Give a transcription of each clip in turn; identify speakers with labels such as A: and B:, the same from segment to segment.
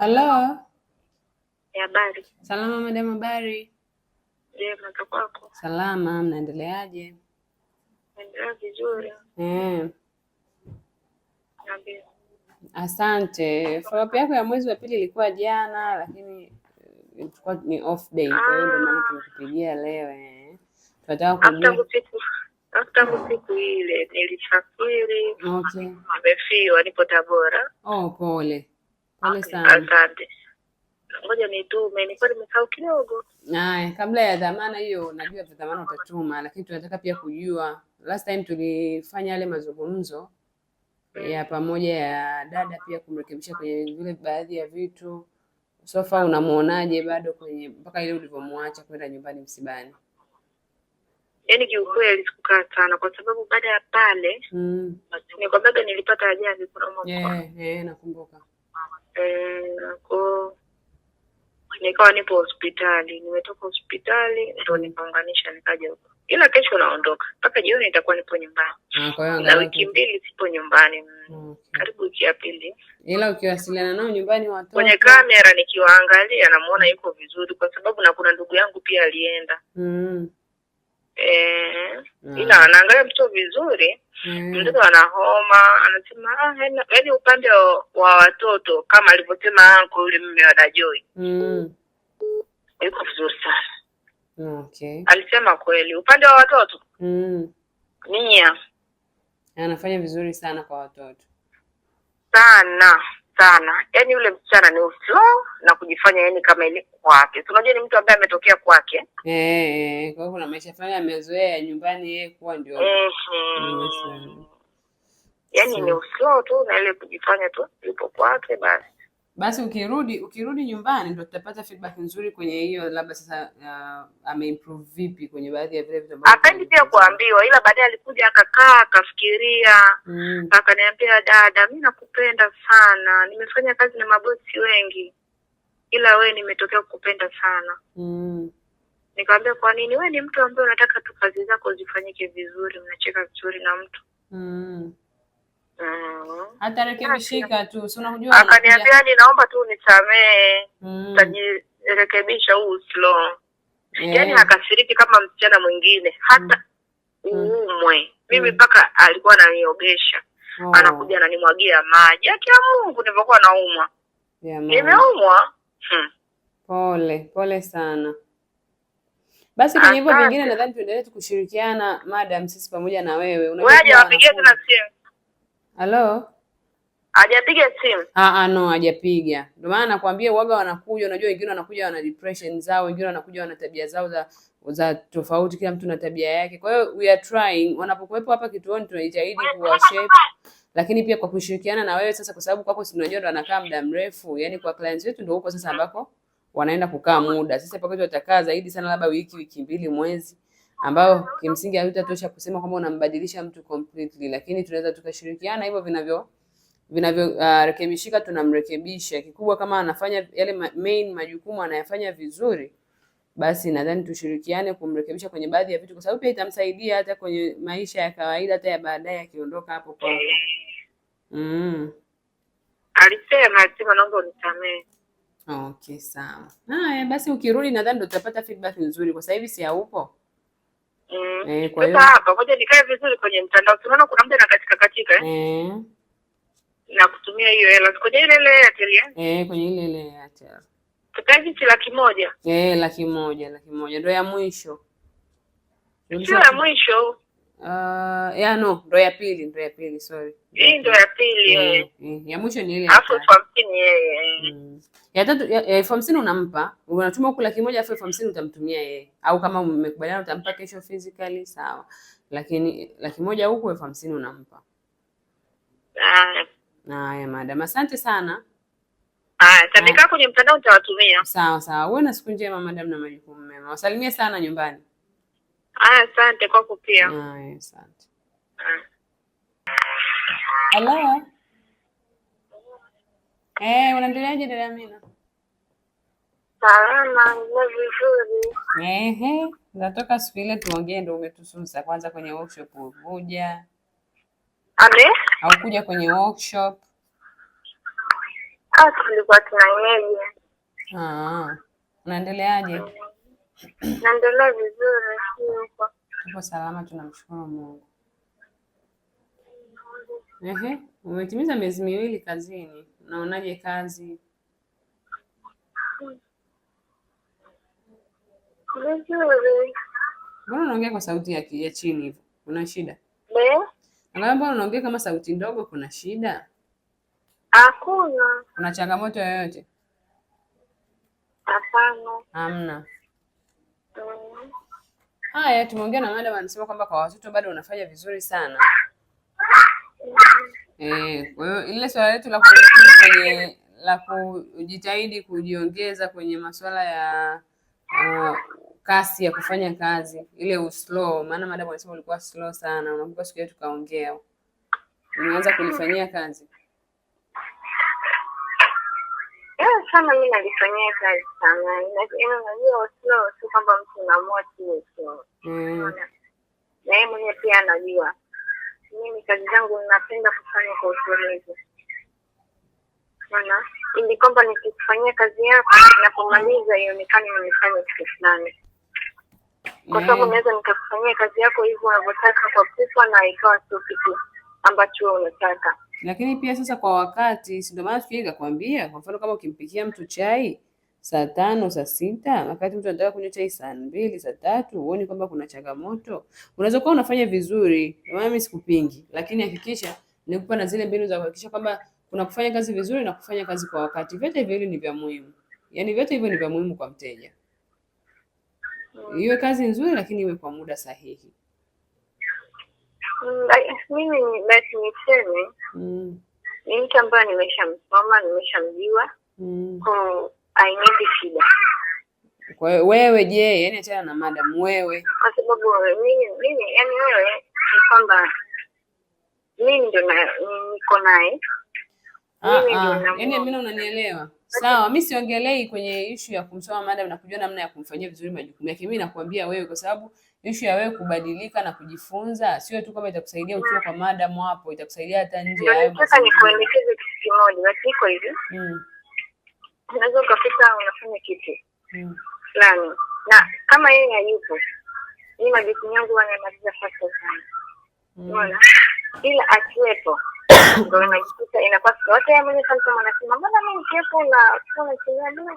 A: Halo. Habari. Salama madam, habari?
B: Jema, kwako?
A: Salama, mnaendeleaje?
B: Naendelea vizuri.
A: Eh. Asante. Follow up yako ya mwezi wa pili ilikuwa jana, lakini eh, ilikuwa ni off day, kwa hiyo ndio maana ah. leo. Eh. Tunataka kujua
B: hata siku ile Okay. nipo Tabora.
A: Oh, pole. Asante.
B: Ngoja nitume, nilikuwa nimesahau kidogo.
A: Haya, kabla ya dhamana hiyo, najua vya dhamana utatuma, lakini tunataka pia kujua, last time tulifanya yale mazungumzo ya mm. pamoja ya dada, pia kumrekebisha kwenye vile baadhi ya vitu. sofa unamwonaje bado kwenye mpaka ile ulivyomwacha kwenda nyumbani msibani?
B: Yaani kiukweli sikukaa sana kwa sababu baada ya pale mm. nikwambaga nilipata ajali kuna Yeah,
A: yeah, nakumbuka
B: Eh, nikawa nipo hospitali, nimetoka hospitali ndo nikaunganisha nikaja huko, ila kesho naondoka mpaka jioni nitakuwa nipo nyumbani ah, na wiki mbili sipo nyumbani mm, okay. Karibu wiki ya pili,
A: ila ukiwasiliana nao nyumbani watoto kwenye
B: kamera nikiwaangalia namuona yuko vizuri, kwa sababu na kuna ndugu yangu pia alienda mm eh, ila anaangalia mtoto vizuri mm. Mtoto ana homa, anasema ah, yaani, yaani, upande wa watoto kama alivyosema anko yule mume wa Dajoi mm. yuko vizuri sana okay. Alisema kweli upande wa watoto mm. nia
A: anafanya vizuri sana kwa watoto
B: sana sana, yani yule msichana ni uslo na kujifanya yani kama ile kwake. Unajua ni mtu ambaye ametokea kwake eh,
A: eh kwa hiyo kuna maisha fulani amezoea nyumbani yeye kuwa ndio
B: eh, yani so, ni uslo tu na ile kujifanya tu yupo kwake basi
A: basi ukirudi ukirudi nyumbani ndo tutapata feedback nzuri kwenye hiyo, labda sasa uh, ameimprove vipi kwenye baadhi ya vile vitu
B: ambavyo hapendi pia kuambiwa, ila baadaye alikuja akakaa akafikiria, mm. akaniambia dada, mi nakupenda sana nimefanya kazi na mabosi wengi, ila we nimetokea kukupenda sana mm. Nikamwambia, kwa nini? We ni mtu ambaye unataka tu kazi zako zifanyike vizuri, mnacheka vizuri na mtu
A: mm.
B: Mm.
A: tu, si unajua.
B: Akaniambia, ninaomba tu mm. tajirekebisha huu slow. yani hakasiriki kama msichana mwingine hata mm. mm. uumwe. Mimi mm. mpaka alikuwa ananiogesha oh. anakuja ananimwagia maji. Haki ya Mungu, nilivyokuwa naumwa,
A: nimeumwa. hmm. Pole pole sana. Basi kwenye hivyo vingine, nadhani tuendelee tukushirikiana, madam, sisi pamoja na wewe. Wewe
B: wapigie tena simu. Halo. Hajapiga simu?
A: Ah, ah, no hajapiga. Ndio maana nakwambia waga wanakuja, unajua wengine wanakuja wana depression zao, wengine wanakuja wana tabia zao za za tofauti, kila mtu na tabia yake. Kwa hiyo we are trying, wanapokuwepo hapa kituoni tunajitahidi kuwa shape, lakini pia kwa kushirikiana na wewe sasa, kwa sababu kwako si unajua ndo anakaa muda mrefu, yani kwa clients wetu ndio huko sasa ambako wanaenda kukaa muda. Sisi hapa kwetu watakaa zaidi sana, labda wiki, wiki mbili, mwezi, ambao kimsingi hatutatosha kusema kwamba unambadilisha mtu completely, lakini tunaweza tukashirikiana hivyo vinavyo vinavyorekebishika uh, tunamrekebisha. Kikubwa kama anafanya yale main majukumu anayafanya vizuri, basi nadhani tushirikiane kumrekebisha kwenye baadhi ya vitu, kwa sababu pia itamsaidia hata kwenye maisha ya kawaida, hata ya baadaye akiondoka hapo kwa Mm.
B: Alisema alisema naomba unisamee.
A: Okay, sawa. Haya basi, ukirudi nadhani ndo tutapata feedback nzuri, kwa sasa hivi si haupo. Mm. Eh, kwa hiyo hapa
B: ngoja nikae vizuri kwenye mtandao. Tunaona kuna muda na katika katika eh. Mm na kutumia hiyo hela kwenye ile ile Airtel ya
A: eh? eh, kwenye ile ile Airtel
B: tukaji laki moja
A: eh, laki moja laki moja ndio ya mwisho,
B: sio ya mwisho
A: Uh, ya no, ndio ya pili, ndio ya pili, sorry.
B: Hii ndio ya pili. eh, yeah.
A: Eh, ya mwisho ni ile. Alafu
B: elfu hamsini yeye. Eh, mm.
A: Ya tatu ya elfu hamsini unampa, unatuma huku laki moja alafu elfu hamsini utamtumia yeye. Au kama mmekubaliana utampa kesho physically sawa. Lakini laki moja huku elfu hamsini unampa. Ah, Haya madam, asante sana.
B: Aya, ah. kwenye mtandao nitawatumia.
A: Sawa sawa, uwe na siku njema madam na majukumu mema, wasalimie sana nyumbani.
B: Aya, asante kwako pia.
A: Aya, asante. Ah. Hello. Eh, unaendeleaje dada Amina?
B: Salama, vizuri.
A: Ehe, natoka siku ile tuongee, ndio umetususa kwanza kwenye workshop ukuja Abe? Haukuja kwenye workshop?
B: Ah, tulikuwa tunaenyeje.
A: Ah. Unaendeleaje?
B: Naendelea vizuri, kwa.
A: Tuko salama tunamshukuru Mungu. Ehe, umetimiza miezi miwili kazini. Unaonaje kazi?
B: Vizuri.
A: Mbona unaongea kwa sauti ya, ya chini hivyo? Una shida? Ndio. Eh? Angalau mbona unaongea kama sauti ndogo, kuna shida?
B: Hakuna.
A: Kuna changamoto yoyote?
B: Hapana. Hamna. Mm.
A: Haya, tumeongea na madam, anasema kwamba kwa watoto bado unafanya vizuri sana. Mm. Eh, kwa hiyo ile swala letu la kwenye la kujitahidi kujiongeza kwenye masuala ya uh, kasi ya kufanya kazi ile uslow, maana madam alisema ulikuwa slow sana. Unakumbuka siku hiyo tukaongea, umeanza kulifanyia kazi
B: eh, sana? Mimi nalifanyia kazi sana, unajua slow, si kwamba mtu unaamua tu mm. na yeye mwenyewe pia anajua. Mimi kazi zangu napenda kufanya kwa utulivu sana, ili kwamba nikifanyia kazi yako, napomaliza ionekane nimefanya kitu fulani kwa mm. sababu naweza nikakufanyia kazi yako hivyo unavyotaka kwa kufa na ikawa sio kitu ambacho wewe unataka.
A: Lakini pia sasa kwa wakati, si ndio maana fikiri nikakwambia, kwa mfano kama ukimpikia mtu chai saa tano saa sita wakati mtu anataka kunywa chai saa mbili saa tatu huoni kwamba kuna changamoto? Unaweza kuwa unafanya vizuri, maana mimi sikupingi, lakini hakikisha nikupa na zile mbinu za kuhakikisha kwamba kuna kufanya kazi vizuri na kufanya kazi kwa wakati. Vyote hivyo ni vya muhimu, yaani vyote hivyo ni vya muhimu kwa mteja iwe kazi nzuri, lakini iwe kwa muda sahihi.
B: Mm, mimi basi niseme mm. ni mtu ambaye nimeshamsoma, nimeshamjua, mm. hainipi shida.
A: Kwa wewe, je, yani achana na madam, wewe
B: kwa sababu mimi, yani wewe ni kwamba mimi ndo niko naye
A: Ah, ah. Yani Amina, unanielewa? Sawa, mi siongelei kwenye ishu ya kumsoma madam na kujua namna ya kumfanyia vizuri majukumu yake. Mi nakwambia wewe, kwa sababu ishu ya wewe kubadilika na kujifunza sio tu kama itakusaidia ukiwa kwa madam hapo, itakusaidia hata nje ya
B: hayo. Nataka nikuelekeze kitu kimoja, basi iko hivi, Mm. unaweza ukakuta unafanya kitu fulani mm. na kama yeye hayupo, mimi majukumu yangu wanamaliza fasta sana, mm. unaona, ila akiwepo ndo inajikuta inakuwa siku yote yeye mwenyewe kama anasema mbona mimi nikiwepo na kuwa nachelewa bila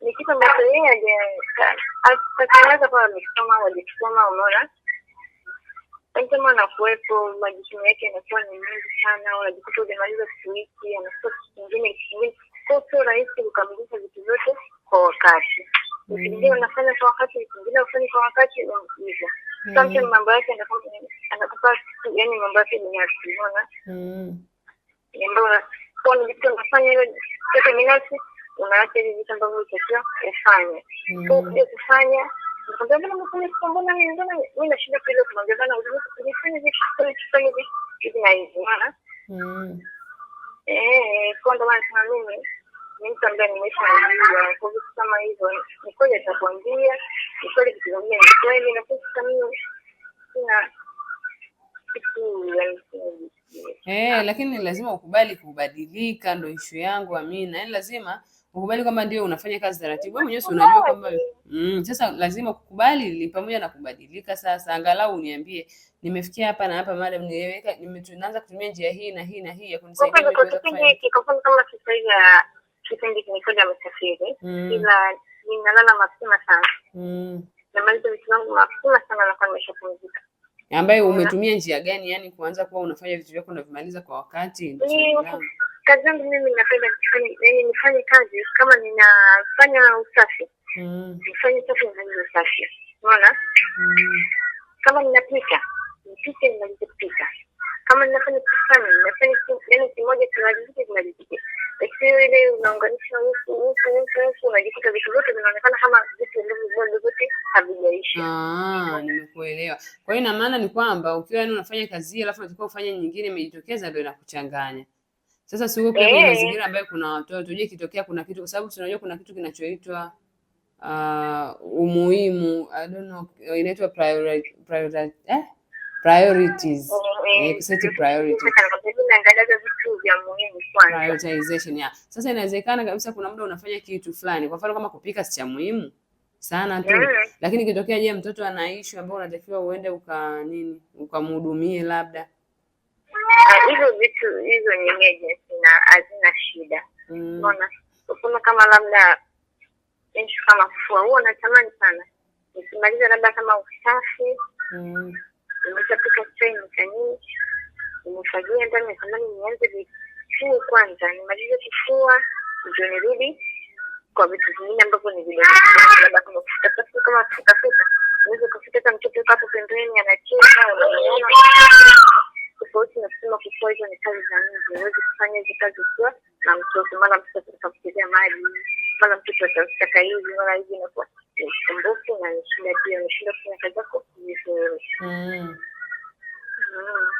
B: ni kitu ambacho yeye hajatengeneza kwamba amekisoma au hajakisoma, umeona kama anakuwepo majukumu yake yanakuwa ni mengi sana, unajikuta ujamaliza siku wiki, anafika kitu kingine, kingine, sio sio rahisi kukamilisha vitu vyote kwa wakati. Ukingine unafanya kwa wakati, ukingine ufanye kwa wakati, hivyo Sometimes mm. mambo yake anakupa yani, mambo yake ni yakiona mm. ambayo kuwa ni vitu unafanya hiyo yote binafsi, unaacha hivi vitu ambavyo utakiwa ufanye. So mm. ukija kufanya nakwambia, mbona umefanya kitu, mbona mbona mi nashinda kuile kumwambia bana, ulifanya hivi kufanya hivi hivi na hivi, maana kwa ndo maana sema mimi ni mtu ambaye nimesha najua kwa vitu kama hivyo, ni kweli atakuambia
A: Eh, ah, lakini ni lazima ukubali kubadilika, ndo ishu yangu Amina. Yaani lazima ukubali kwamba ndio unafanya kazi taratibu. Wewe mwenyewe unajua kwamba mm, sasa lazima kukubali ni pamoja na kubadilika. Sasa angalau uniambie nimefikia hapa na hapa, madam, niweka nimeanza kutumia njia hii na hii na hii ya kunisaidia
B: Kwa kipindi hiki kwa kama sasa hivi kipindi kinifanya msafiri, mm. ila ninalala mapema sana, Mm. namaliza vitu vyangu mapema sana, na kwa nimeshapumzika
A: ambaye umetumia njia gani, yani kuanza kuwa unafanya vitu vyako unavimaliza kwa wakati?
B: Kazi yangu mimi napenda yani nifanye kazi kama ninafanya usafi, mm. nifanye usafi, nifanye usafi, unaona. Mm. Kama ninapika, nipike, nimalize kupika. Kama ninafanya kusana, ninafanya yani kimoja kinalizike, kinalizike, lakini ile unaunganisha huku huku huku, unajikuta vitu vyote vinaonekana kama havijaisha.
A: Ah, nimekuelewa. Kwa hiyo ina maana ni kwamba ukiwa yani unafanya kazi hii alafu unatakiwa ufanye nyingine imejitokeza, ndio inakuchanganya. Sasa si uko pia kwenye eh. mazingira ambayo kuna watoto, je, ikitokea kuna kitu, kwa sababu tunajua kuna kitu kinachoitwa uh, umuhimu I don't know, inaitwa priority, priority, eh? Oh, eh. eh Sasa inawezekana kabisa kuna muda unafanya kitu fulani, kwa mfano kama kupika si cha muhimu sana tu yeah. Lakini ikitokea je, mtoto anaishi ambao unatakiwa uende uka nini ukamhudumie labda
B: ah, hizo vitu hizo nyenyeji hazina shida, mm. unaona mm. Kama labda nshu kama fua huo natamani sana nisimalize labda kama usafi mm. Nimeshapika chai nikanyii, nimefagia ndani, natamani nianze vifuu kwanza, nimalize kifua ndio nirudi kwa vitu vingine ambavyo ni vile labda kama ukitafuta kitu kama kutafuta unaweza ukafika hata mtoto hapo pembeni anacheza tofauti na kusema kukua hizo ni kazi za nje huwezi kufanya hizo kazi ukiwa na mtoto mara mtoto atamchezea maji mara mtoto atataka hivi mara hivi inakuwa usumbufu na nishinda pia nishinda kufanya kazi yako vizuri mm. Mm.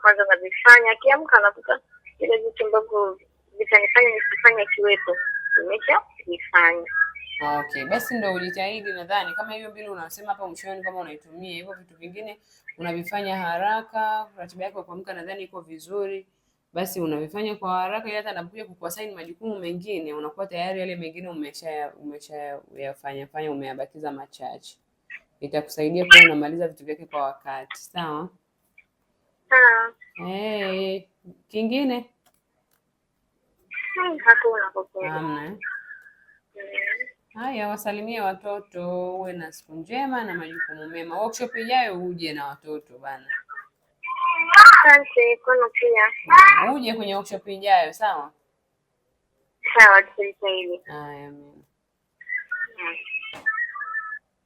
B: kwanza navifanya akiamka anakuta ile vitu ambavyo nitanifanya nisifanye kiwepo, nimeshavifanya.
A: Okay, basi ndo ujitahidi. Nadhani kama hiyo mbili unasema hapa mwishoni, kama unaitumia hivyo, vitu vingine unavifanya haraka, ratiba yako ya kuamka nadhani iko vizuri, basi unavifanya kwa haraka, ili hata anapokuja kukuassign majukumu mengine unakuwa tayari yale mengine umesha umeshayafanya fanya, umeyabakiza machache. Itakusaidia pia unamaliza vitu vyake kwa wakati. Sawa. Sawa. Hey, eh, kingine
B: Hakuna eh?
A: mm-hmm. Haya, wasalimie watoto, uwe na siku njema na majukumu mema. Workshop ijayo uje na watoto bana.
B: Asante kono pia.
A: Uje kwenye workshop ijayo, sawa?
B: Sawa, tusaidie.
A: Haya.